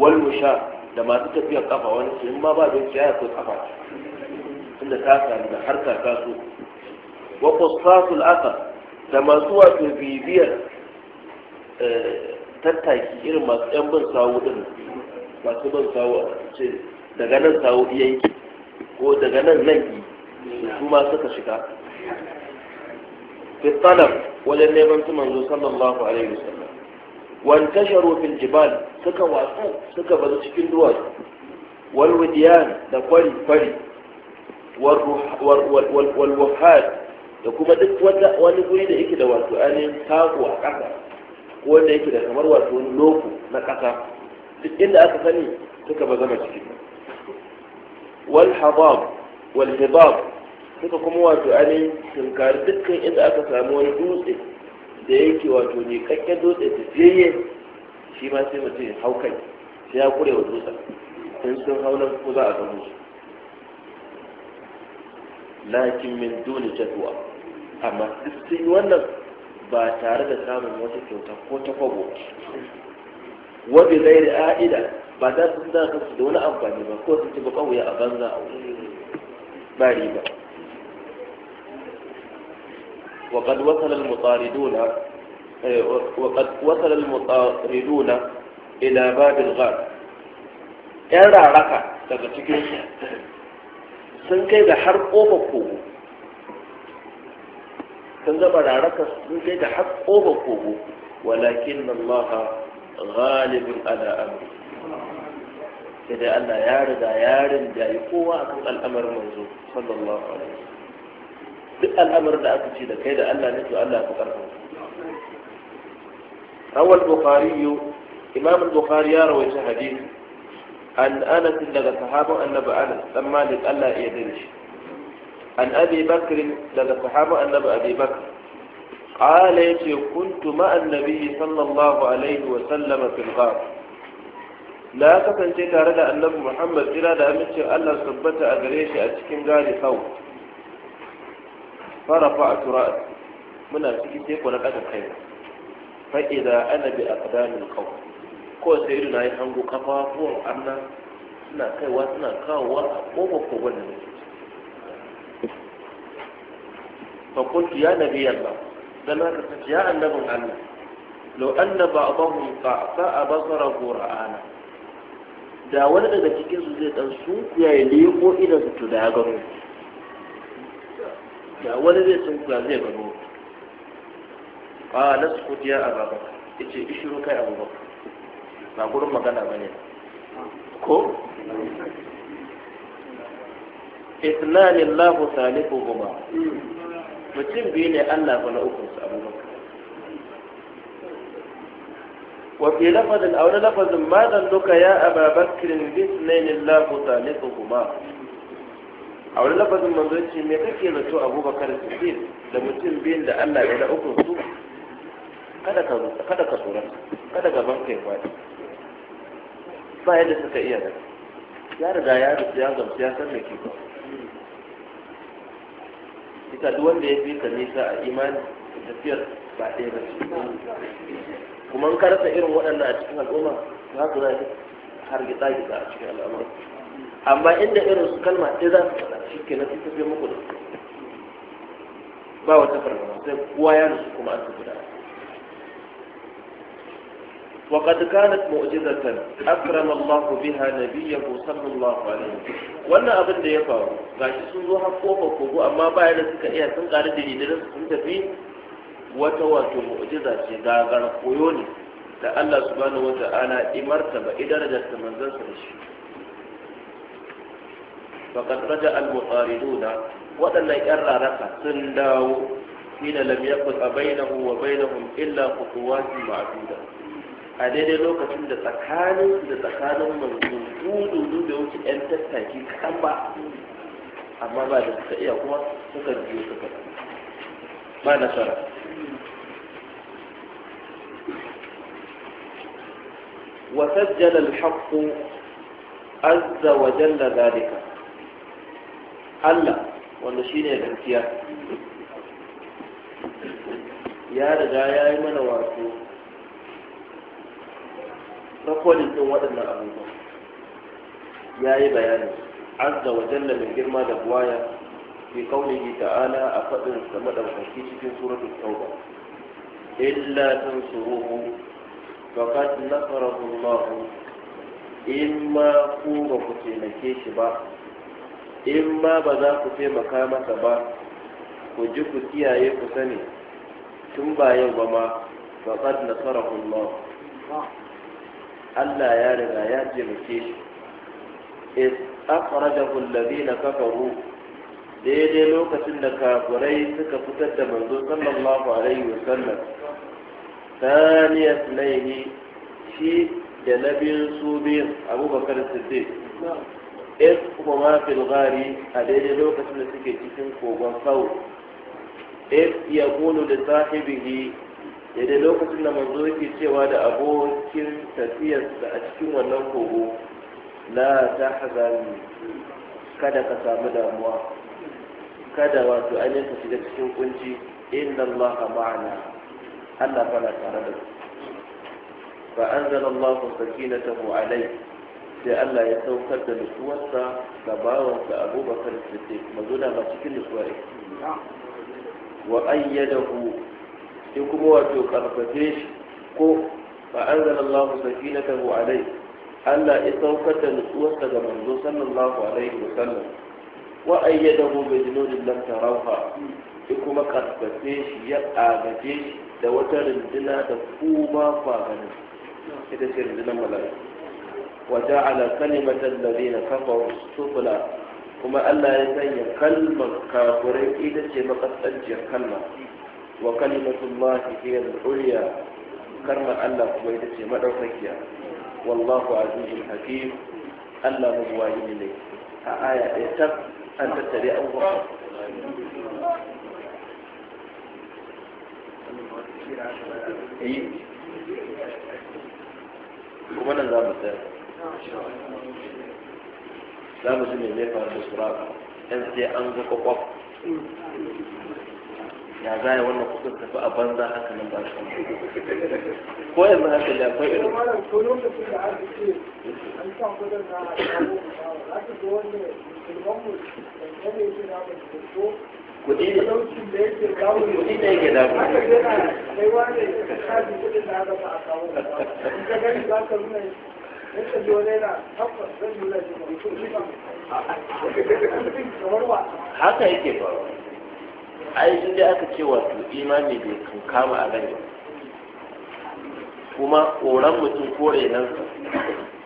[SPEAKER 1] wal musha da masu tafiya kafa wani su in ma ba doki ya ko kafa Inda ta sami da harka ta so wa qusatul asar da masu wato bibiyar tattaki irin masu yan bin sawu din masu bin sawu a ce daga nan sawu yanki ko daga nan nan su ma suka shiga fi talab wajen neman su manzo sallallahu alaihi wasallam tashar fil jibal suka wasu suka bazu cikin duwatsu wal wadiyan da kwari kwari wal wahad da kuma duk wani guri da yake da wasu ainihin taku a ƙasa wanda yake da kamar wato wani loko na ƙasa duk inda aka sani suka ba zama ciki wal habab wal hibab suka kuma wato ani tunkar dukkan inda aka samu wani dutse da yake wato ne kakken dutse da jeye shi ma sai mutum ya hau kai sai ya kure wa dutse in sun hau nan ko za a samu su lakin min duni jadwa amma duk sun yi wannan ba tare da samun wata kyauta ko ta kwabo wadda zai da a'ida ba za su da kansu da wani amfani ba ko su ci ba kawai a banza a wani bari ba riba وقد وصل المطاردون وقد وصل المطاردون إلى باب الغار ‘yan raraka daga cikin sun kai da har ƙofa kogo كنجب على عركة كيد حق أبقه ولكن الله غالب على
[SPEAKER 2] أمره كذا أن يارد يارد
[SPEAKER 1] جاي قوة الأمر منزول صلى الله عليه وسلم بقى الأمر لا أكتشيد كذا أن نجد أن لا تقرأه روى البخاري إمام البخاري روي حديث أن أنا تلقى صحابه أن بأنا لما لقى الله يدرش an abi Bakirin daga sahaba annabi abi bakr ya ce kuntu ma annabi sallallahu alaihi wa sallama fil ghar la kasance tare da annabi muhammad jira da amincin Allah tabbata a gare shi a cikin gari sau farafa a ra'si muna cikin teku na kada kai Fa'iza idza ana bi aqdamil qawm ko sai irin ayi hango kafafuwan annan suna kaiwa suna kawowa a kofar kogon da nake فقلت يا نبي الله لما كنت يا النبي الله لو أن بعضهم قعقع بصره رآنا da wani daga cikinsu zai dan su ya yi leko idan su to ya gano da wani zai sun kula zai gano qala sukut ya ababa yace ishiru kai abubakar ba gurin magana bane ko ithnan allah thalithuhuma mutum biyu ne Allah ba na uku su abubakar wa fi lafazin a wani lafazin ma zan duka ya a ababakirin bisnayin lafu talifu kuma a wani lafazin manzanci me kake zato abubakar siddiq da mutum biyu da Allah ya na uku su kada ka kada ka tsoron kada gaban kai kwadi ba yadda suka iya da ya riga ya rufe ya gamsu ya san me ke kwa ta duk wanda ya fi nisa a imani tafiyar ba ɗaya ba ce kuma in karasa irin waɗannan a cikin al'umma za haka za har gita-gita a cikin al'amura amma inda irin su kalma ɗaya za su faɗa shi ke na tafiya muku da ba wata fargaba sai kowa ya nusu kuma an tafi da وقد كانت معجزة أكرم الله بها نبيه صلى الله عليه وسلم wannan abin da ya faru gashi sun zo har kofa kogo amma baya da suka iya sun ƙari dalilan sun tafi wata wato mu'jiza ce gagar koyo ne da Allah subhanahu ana imarta ba idarajar ta manzon sa da shi faqad raja al-mutariduna waɗannan ƴan raraka sun dawo hina lam yaqta bainahu wa bainahum illa khutuwatun ma'duda a daidai lokacin da tsakanin da tsakanin manzo dudu da wuce yan tattaki kaɗan ba amma ba da suka iya kuma suka biyo suka ba nasara وسجل الحق عز وجل ذلك Allah wanda shi ne gaskiya ya riga ya yi mana wato rakolin ɗin waɗannan abubuwa ya yi bayani azza wa jalla mai girma da buwaya fi yi ta'ala a faɗin sa madaukaki cikin suratun tauba illa tansuruhu faqad nasarahu Allah in ma ku ba ku taimake shi ba in ma ba za ku taimaka masa ba ku ji ku kiyaye ku sani tun ba yau ba ma faqad nasarahu Allah Allah ya riga ya taimake shi is akhrajahu alladhina kafaru daidai lokacin da kafurai suka fitar da manzo sallallahu alaihi wasallam thaniya tnaini shi da nabin su biyu abubakar siddiq is kuma fil gari a daidai lokacin da suke cikin kogon sau is yaqulu da sahibihi daidai lokacin da manzo yake cewa da abokin tafiyarsa a cikin wannan kogo la ta hazami kada ka samu damuwa kada wato an yanka shiga cikin kunci inna Allah ma'ana Allah fara tare da su. fa anzala Allah sakinatahu alai sai Allah ya saukar da nutsuwarsa ga bawansa Abubakar Siddiq mazuna ba cikin nutsuwa wa ayyadahu ya kuma wato karfafe shi ko fa anzalallahu sakinatahu alayhi Allah ya saukar da nutsuwarsa ga manzo sallallahu alaihi wa sallam wa ayyadahu bi junudin lam tarawha ya kuma karfafe shi ya agaje da wata runduna da kuma kwaganin ita ce rundunar mala'iku wa ja'ala kalimatan ladina kafaru sufla kuma Allah ya sanya kalmar kafirai ita ce makasanciyar kalma وكلمة الله هي العليا كرم الله كويتك مدعوكك والله عزيز حكيم الله مبواهي لي
[SPEAKER 2] آية إيتب أن تتري أول
[SPEAKER 1] kuma nan za mu tsaya za mu ji mai nefa da ya za ya wannan kusur tafi a banza haka nan ba shi ko yanzu haka da akwai irin
[SPEAKER 2] to lokacin da aka ce an sa kudin na aka ga wani shugabanmu da ne shi na mai ko kuɗi ne kuɗi ne yake damu kai wani kaji kuɗin na gaba a kawo in ka za ka nuna in ka biyo naira tabbas zan ba kamar wasa
[SPEAKER 1] haka yake faruwa ai inda aka ce wato imani bai kan kama a rai kuma koran mutum ko nan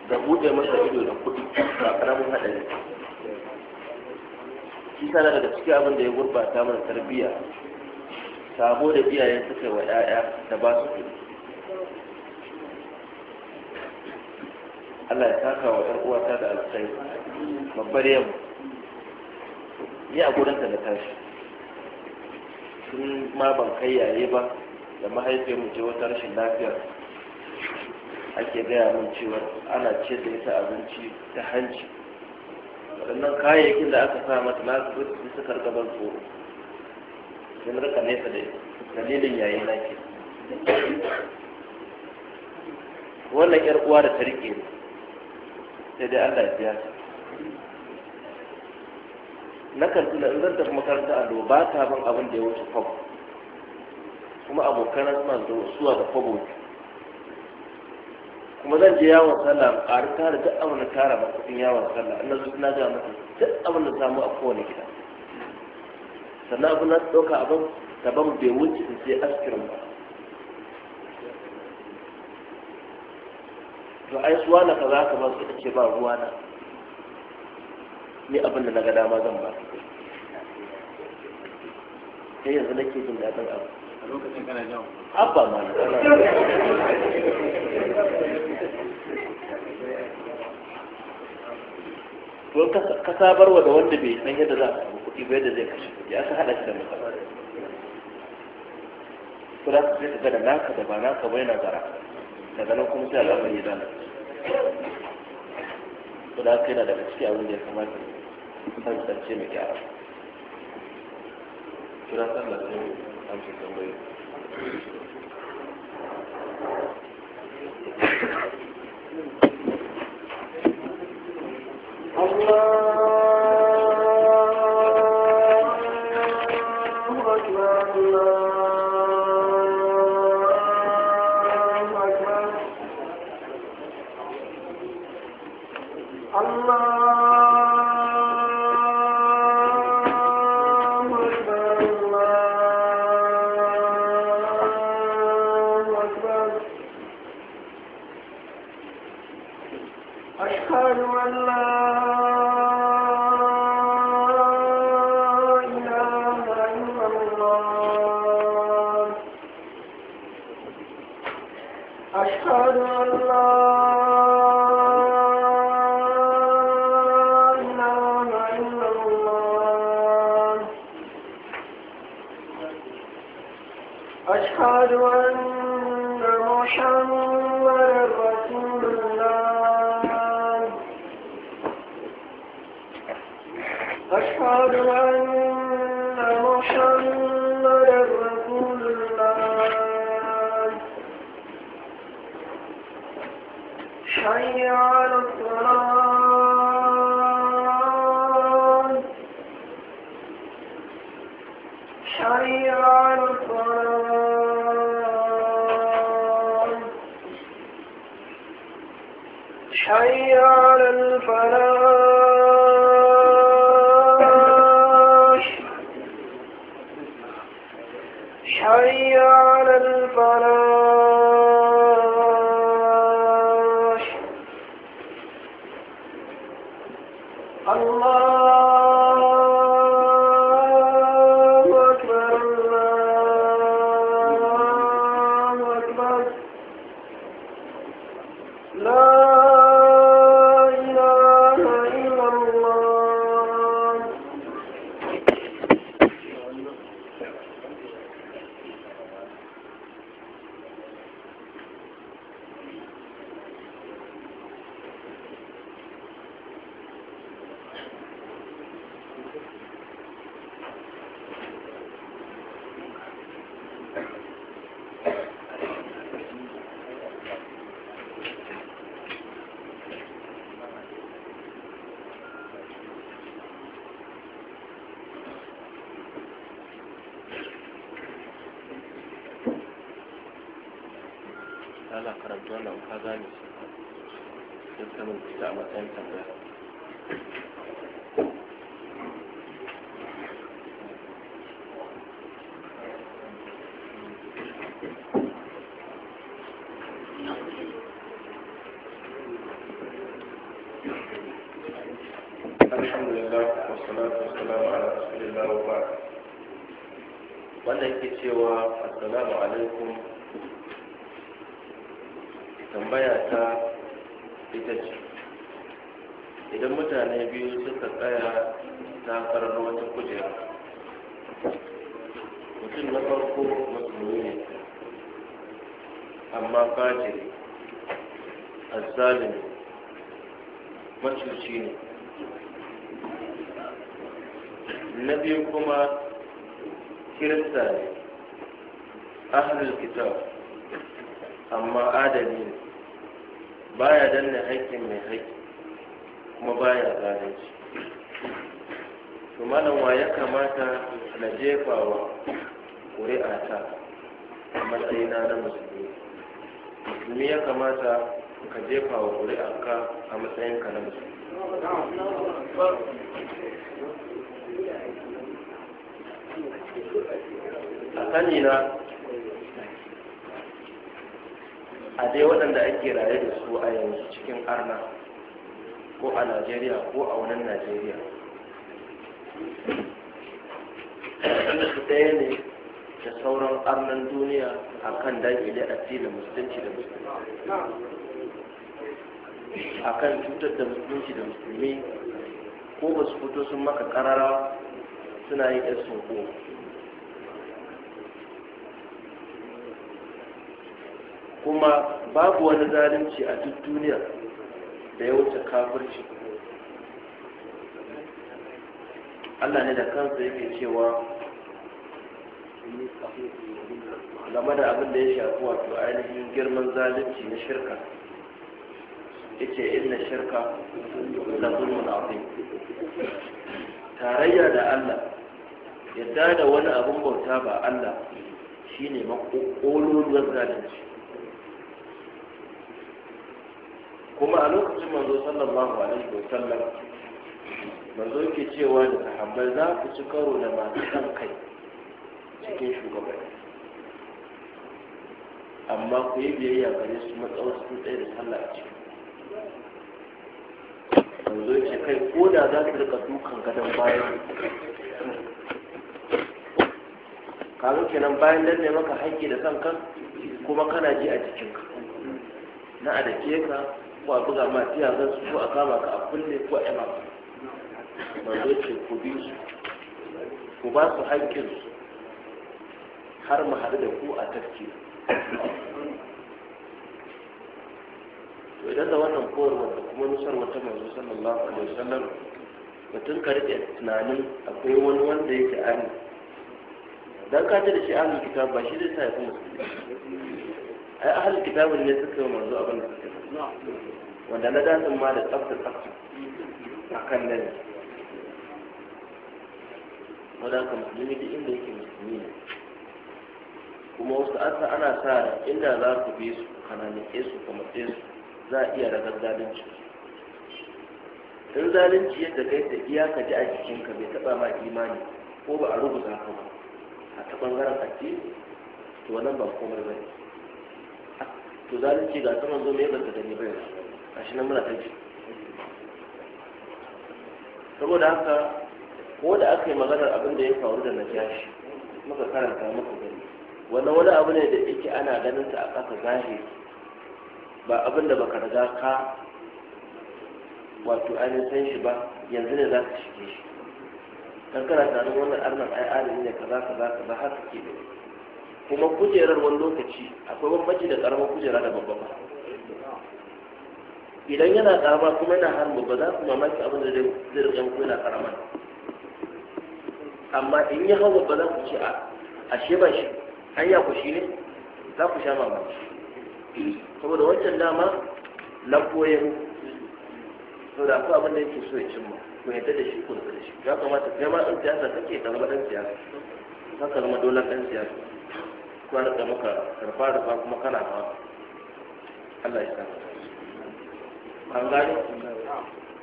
[SPEAKER 1] da buɗe masa ido da kuɗi ba ƙaramin haɗari shi sana daga cikin abin da ya gurbata mana tarbiyya sabo da iyaye suka wa 'ya'ya da ba su kuɗi Allah ya saka wa 'yar uwata da alƙai babbar yamma ni a gurinta da tashi tun ma ban kai yaye ba da mahaifiyar mu je wata rashin lafiya ake gaya min cewa ana ce da ita abinci ta hanci waɗannan kayayyakin da aka sa mata na su su suka gaban tsoro sun rika nesa da dalilin yayin na wannan yar uwa da ta rike sai dai Allah ya biya ta na kan da in zan tafi makaranta a ba ta bin abin da ya wuce fob kuma abokan suna da suwa da fobo kuma zan je yawon sallah a tara duk abin da tara ba kuɗin yawon sallah ina zuwa na ga mata duk abin da samu a kowane gida sannan abin na ɗauka abin da daban bai wuce in sai askirin ba to ai suwa na za ka ba su ce ba ruwa na ni abin da na ga dama zan ba Kai yanzu nake jin daɗin abu
[SPEAKER 2] a lokacin kana jawo abba ma na
[SPEAKER 1] don ka sabarwa da wanda bai san yadda za a samu kuɗi ba yadda zai kashe kuɗi aka haɗa shi da mutum Ku za ka sai ka gada naka da ba naka bai na gara daga nan kuma sai al'amari ya dana ko da haka yana daga ciki abin da ya kamata kan tsance mu gyara kira sallah
[SPEAKER 2] sai mu amsa tambayi Allah وأشهد أن لا أشهد أن
[SPEAKER 1] kana karatu wannan ka gane shi sai ka mun fita a matsayin tambaya wannan ke cewa assalamu alaikum الفاجر الظالم مشوشين النبي كما كرسان أهل الكتاب أما آدمين بايا دن هيك من هيك kuma baya zalunci to wa ya kamata na jefawa ƙuri'ata a matsayina na musulmi musulmi ya kamata ka jefa wa ƙuri'arka a matsayin na
[SPEAKER 2] su a sani na
[SPEAKER 1] a dai waɗanda ake raye da su a yanzu cikin arna ko a najeriya ko a wannan najeriya waɗanda su ɗaya ne da sauran arnan duniya a kan dakile addinin musulunci da musulmi a kan cutar da musulunci da musulmi ko ba su fito sun maka karara suna yin yan soko kuma babu wani zalunci a duk duniya da ya wuce kafirci Allah ne da kansa yake cewa game da abin da ya shafi wato ainihin girman zalunci na shirka ce inna shirka da zulmun azim tarayya da Allah yadda da wani abin bauta ba Allah shine makololuwar zalunci kuma a lokacin manzo sallallahu alaihi wa sallam manzo yake cewa da sahabbai za ku ci karo da masu kan kai cikin shugabanni amma ku yi biyayya ga su matsawar su tsaye da sallah a ciki yanzu ce kai ko da za su rika dukan gadon bayan Ka zo kenan bayan ne maka haƙƙi da san kan kuma kana ji a jikinka na a ke ka ko a buga ma tiya zan su ko a kama ka a kulle ko a yaba zo ce ku bi su ku ba su haƙƙin su har mu haɗu da ku a tafki to idan da wannan koyarwa da kuma nusar wata zuwa sallallahu alaihi wasallam mutum ka rike tunanin akwai wani wanda yake an dan ka ta da shi ahlul kitab ba shi zai sa ya kuma ai ahlul kitab ne suka yi manzo abin da suka wanda na dasin ma da tsafta tsafta akan nan wadda kan musulmi duk inda yake kuma wasu sa ana sa ran inda za ku bi su kananike su kuma matse su za a iya ragar zalunci in zalunci yadda kai ta ka ji a jikinka bai taɓa ma imani ko ba a rubuta ka ba a ta ɓangaren addini to wannan ba komai ba ne to zalunci ga saman zo mai ta gani bai a shi nan muna ji saboda haka ko da aka yi maganar abin da ya faru da najashi muka karanta muka gani wannan wani abu ne da yake ana ganin ta a ƙasa zahiri ba abin da baka riga ka wato ainihin san shi ba yanzu ne za ka shige shi kan kana da wannan arnan ai alimi ne kaza kaza kaza har ke da kuma kujerar wani lokaci akwai bambanci da karamar kujera da babba ba idan yana karama kuma yana har ba za ku mamaki abin da zai rika muku yana karama amma in yi hau ba za ku ce a ashe ba shi an ku shi ne za ku sha mamaki saboda wancan dama koyon so da akwai abin da yake so ya ma ko yadda da shi ko da shi ya kamata kai ma ɗan siyasa kake ta zama ɗan siyasa ka ka zama dolar ɗan siyasa ko an da maka karfa ba kuma kana hawa Allah ya sa
[SPEAKER 2] an gane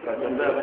[SPEAKER 2] ka tambaya ba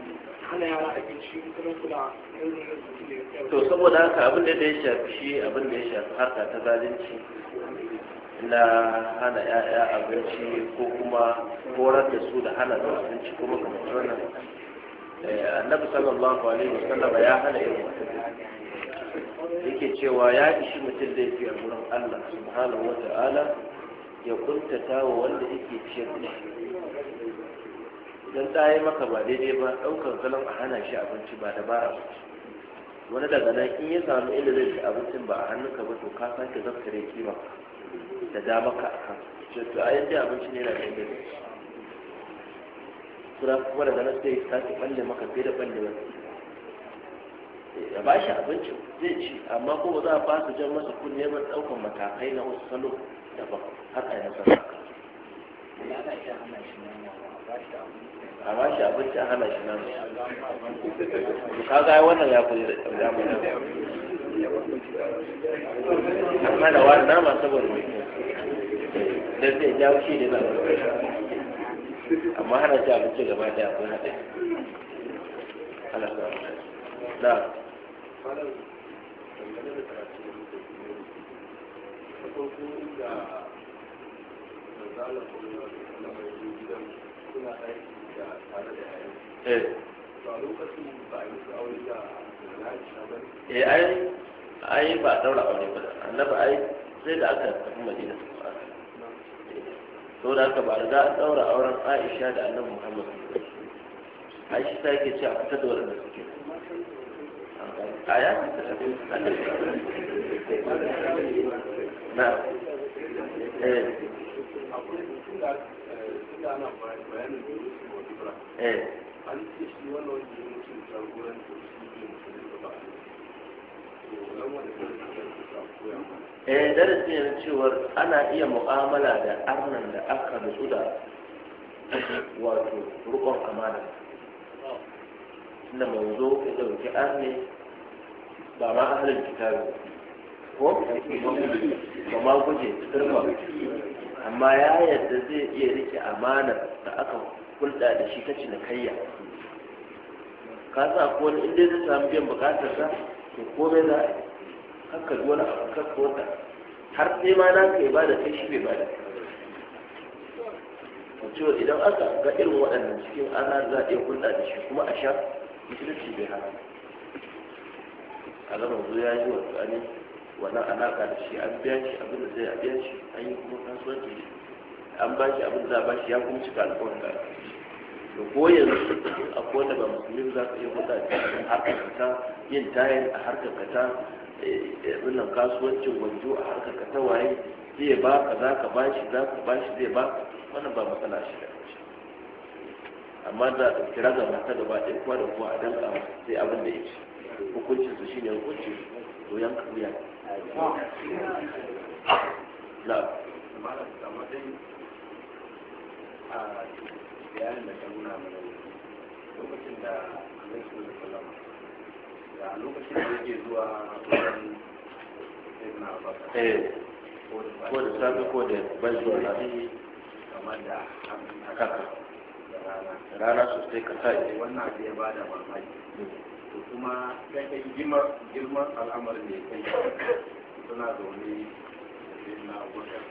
[SPEAKER 2] hana yara kuma kula to saboda haka abin da ya shafi
[SPEAKER 1] shi abin da ya shafi harka ta zalunci na hana ya'ya abinci ko kuma horar da su da hana su abinci kuma kamar wannan eh, annabi sallallahu alaihi wasallam ya hana irin
[SPEAKER 2] yake cewa ya ishi
[SPEAKER 1] mutum laifi a wurin Allah subhanahu wa ta'ala ya kuntata wa wanda yake ciyar da shi idan ta yi maka ba daidai ba ɗaukar zalan a hana shi abinci ba dabara ba wani daga nan in ya samu inda zai ci abincin ba a hannunka ba to ka sake zaftare kima da dama ka akan ce to ayan abinci ne na da inda zai kuma daga nan sai sake balle maka fiye da balle wani ya ba shi abincin zai ci amma kuma za a su jan masa kunne neman ɗaukar matakai na wasu salo daban har a yi nasara.
[SPEAKER 2] Ya hana shi ba shi da abinci. amma shi abinci
[SPEAKER 1] a hana shi nan ka ga wannan ya kuli da ya fi da
[SPEAKER 2] an hana wa nama
[SPEAKER 1] saboda mai dan zai jawo shi ne na amma hana shi abinci gaba da abin haɗe
[SPEAKER 2] ana sa na da Eh. Eh,
[SPEAKER 1] ai ai ba daura aure ba annabi ai sai da aka tafi madina to da aka ba riga daura auren aisha da annabi muhammad aisha ta a fita da suke a na eh eh
[SPEAKER 2] ya yana eh, cewar
[SPEAKER 1] ana iya mu'amala da arnan da aka nutsu da wato rukon amana tunda manzo ya dauki arne ba ma ahalin kitabu ko ba ma guje turba amma ya yadda zai iya rike amanar da aka hulɗa da shi ta cinikayya ka sa ko wani inda zai samu biyan bukatar sa to kome za a kakka wani abu kakka wata har sai ma na kai ba da kai shi bai ba da to cewa idan aka ga irin waɗannan cikin ana za a iya hulɗa da shi kuma a sha musulunci bai hana a zama zuwa ya yi wa tsani wannan alaka da shi an biya shi abin da zai a biya shi an yi kuma kasuwanci shi an ba shi abin da za a ba shi ya kuma cika alƙawarin da shi. da ko yanzu a da ba musulmi za ka iya hulɗa da harkar kata yin tayin a harkar kata wannan kasuwancin wanzu a harkar kata eh, eh, waye zai ba ka za ka ba shi za ka ba shi zai ba wannan ba matsala shi da amma da kira ga mata gaba ɗaya kowa da kowa a danka sai abin da ya ce shi shine hukuncin
[SPEAKER 2] to yanka wuya na'am lokacin eh, da da ko da safi ko da ban zuwa na kamar da haka rana sosai ka sai
[SPEAKER 1] wannan abu ya bada mamaki to kuma sai girman al'amarin da ya kai suna zaune da sai na abubakar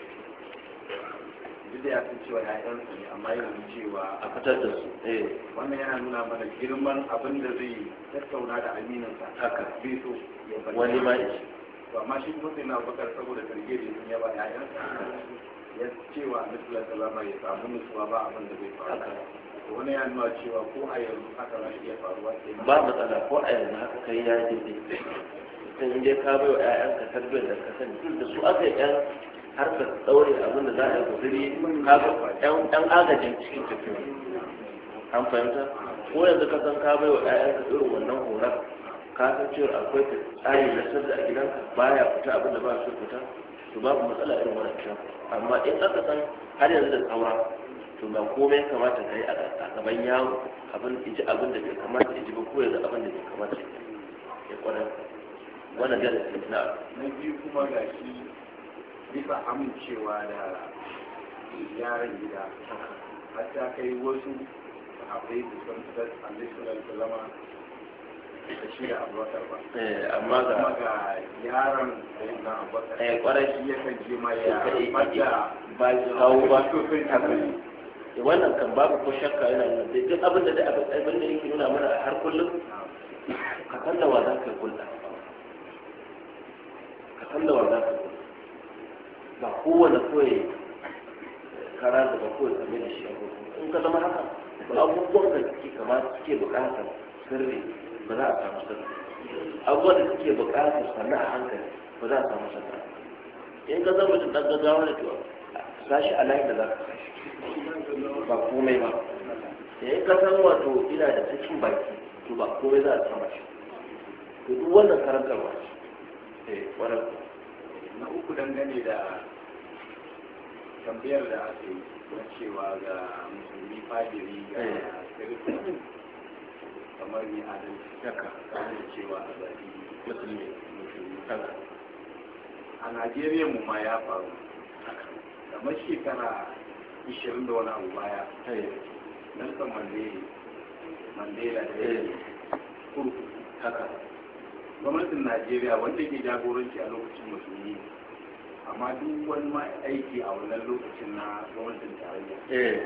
[SPEAKER 1] duk da ya fi cewa ya ya'yansa ne amma yana nuna cewa a fitar da su eh, wannan yana nuna mana girman abin da zai tattauna da aminin sa haka zai so ya wani ma ya to amma shi kuma sai na abubakar saboda karge da sun yaba ya ya'yansa ya cewa nufila salama ya samu nutsuwa ba abin da zai faru to wani ya nuna cewa ko a yanzu haka na iya faruwa ba matsala ko a yanzu haka kai ya je kan in dai ka bai wa ƴaƴanka tarbiyyar da ka sani tun da su aka yi ƴan harkar ɗaure abin da za a yi guduri ka ɗan agajin cikin tafiya an fahimta ko yanzu ka san ka bai wa ƴaƴanka irin wannan horar ka san cewa akwai tsari na sirri a gidanka baya fita abin da ba su fita to babu matsala irin wannan amma in aka san har yanzu da tsaura to ba komai kamata ka yi a gaban yawo abin abin da bai kamata ya ji ba ko yanzu abin da bai kamata ya kwarar wannan darasi na na biyu kuma ga shi bisa amincewa da yaren gida A ta kai wasu abai da sun fitar alaihi salatu zama da shi da abuwatar ba eh, amma ga yaron da abubakar eh kwarai shi ya kan je ma ya eh, eh, ya ba hau ba su kai ta wannan kan babu ko shakka yana nuna duk abin da abin da yake nuna mana har kullum ka kalla wa za ka kulla sallawa za su ba kowane kawai kara da ba kawai kame da shi abubuwa in ka zama haka ba abubuwan ka suke kama suke bukatar sirri ba za a samu sirri abubuwan da suke bukatar sannan a hankali ba za a samu sirri in ka zama mutum ɗan gaggawa da tuwa shi a layin da za ka ba komai ba eh, in ka san wato ina da cikin baki to ba komai za a samu shi to duk wannan karantarwa ce na uku dangane da tambayar da ake na cewa ga musulmi fajiri ga eh. kirkin kamar ne adalci daga kanin cewa a zaɓi musulmi musulmi kaza a najeriya mu ma ya faru kamar shekara 20 da wani abu baya eh. nelson mandela mandela da eh. ya kurkuku haka gwamnatin najeriya wanda ke jagoranci a lokacin musulmi amma duk wani aiki a wannan lokacin na gwamnatin tarayya eh.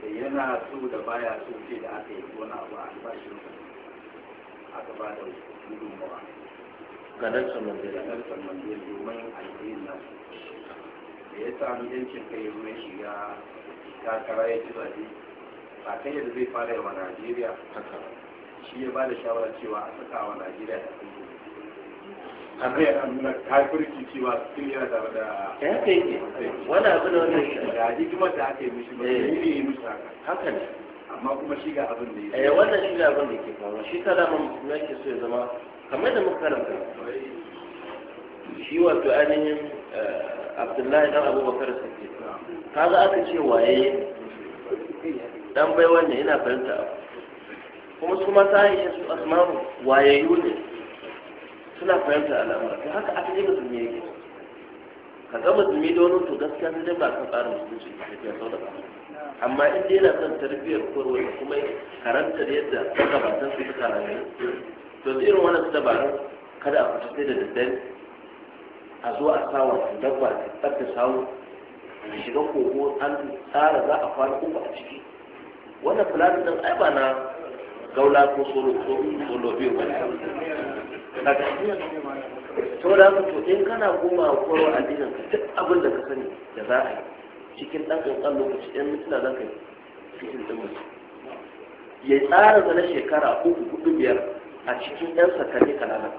[SPEAKER 1] da yana so da baya so ce da aka yi wani abu a albashin aka ba da gudunmawa ga Nelson Mandela Nelson Mandela domin alheri nasu da ya sami yancin kai mai shiga takara ya ci zaɓe ba kai yadda zai fara yawa Najeriya shi ya ba da shawara cewa a saka wa Najeriya da kuma a zai nuna kafirci cewa sun yana da da ya haka yake wani abu na wani da hikimar da aka yi mishi ba ne eh. yi mishi haka haka ne amma kuma shi ga abin da ya yi eh, wannan shi ga abin da ke faru, shi ta dama mutum ya ke so ya zama kamar da muka karanta shi wato ainihin eh, abdullahi dan abubakar sarki kaga aka ce waye dan bai wannan yana fahimta abu kuma su mata yi su asma'u wayayyu ne suna fahimtar al'amura kai haka aka yi musulmi yake ka ga musulmi da wani to gaskiya sai dai ba ka tsara musulunci ka tafiya sau da amma in dai yana son tarbiyyar korwa da kuma karanta da yadda san su suka rayu to irin wannan su dabarun kada a fita sai da daddare a zo a sawa dabba ta tsarta sawu a shiga kogo an tsara za a kwana uku a ciki wannan filatin ai ba na gaula ko solo biyu wani to da to in kana goma koro addinin ka duk abin da ka sani da za a yi cikin ɗan ƙanƙan lokaci ɗan mutuna za ka yi cikin ɗin mutum ya tsara da shekara uku hudu biyar a cikin ɗan sakanni kanana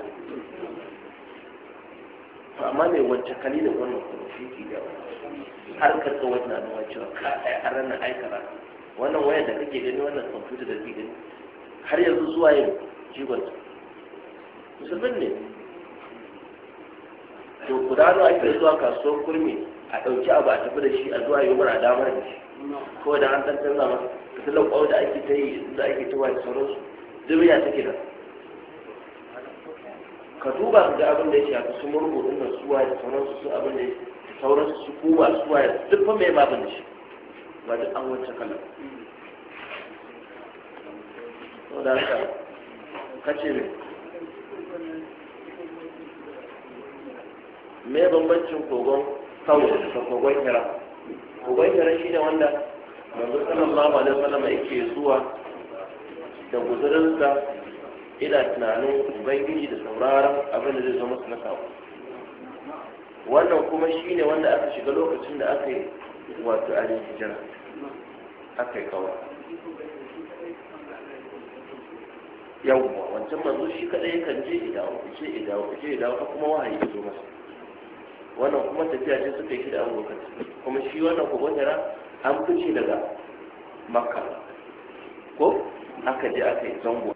[SPEAKER 1] to amma mai wacce kalilin wannan kuma shi ke da har ka ga wannan na cewa ka a ranar aikara wannan wayar da kake gani wannan kwamfuta da ke gani har yanzu zuwa yau jigon musulmin ne to gudano ake zuwa kasuwar kurmi a ɗauki abu a tafi da shi a zuwa yi a damar da shi ko da an ɗan canza masa fitilar ƙwau da ake ta yi da ake ta wani sauransu duniya take da ka duba ka ga abin da ya shafi su murgu ɗin da suwa da sauransu su abin da ya sauransu su kuma suwa ya duk fa mai babin da shi ba duk an wacce kalan ka ce mai me bambancin kogon kawo da kogon hira kogon hira shi ne wanda manzo sallallahu alaihi wasallam yake zuwa da guzurinsa ina tunanin ubangiji da sauraron abin da zai zama su na kawo
[SPEAKER 2] wannan kuma shi ne wanda aka shiga
[SPEAKER 1] lokacin da aka yi wato alin hijira aka yi kawo
[SPEAKER 2] yawwa wancan manzo shi
[SPEAKER 1] kadai kan je idawo ce idawo ce idawo kuma wahayi ya zo masa wannan kuma tafiya ce suka yi shi da abubakar kuma shi
[SPEAKER 2] wannan jira an fice daga makka ko aka je aka yi zango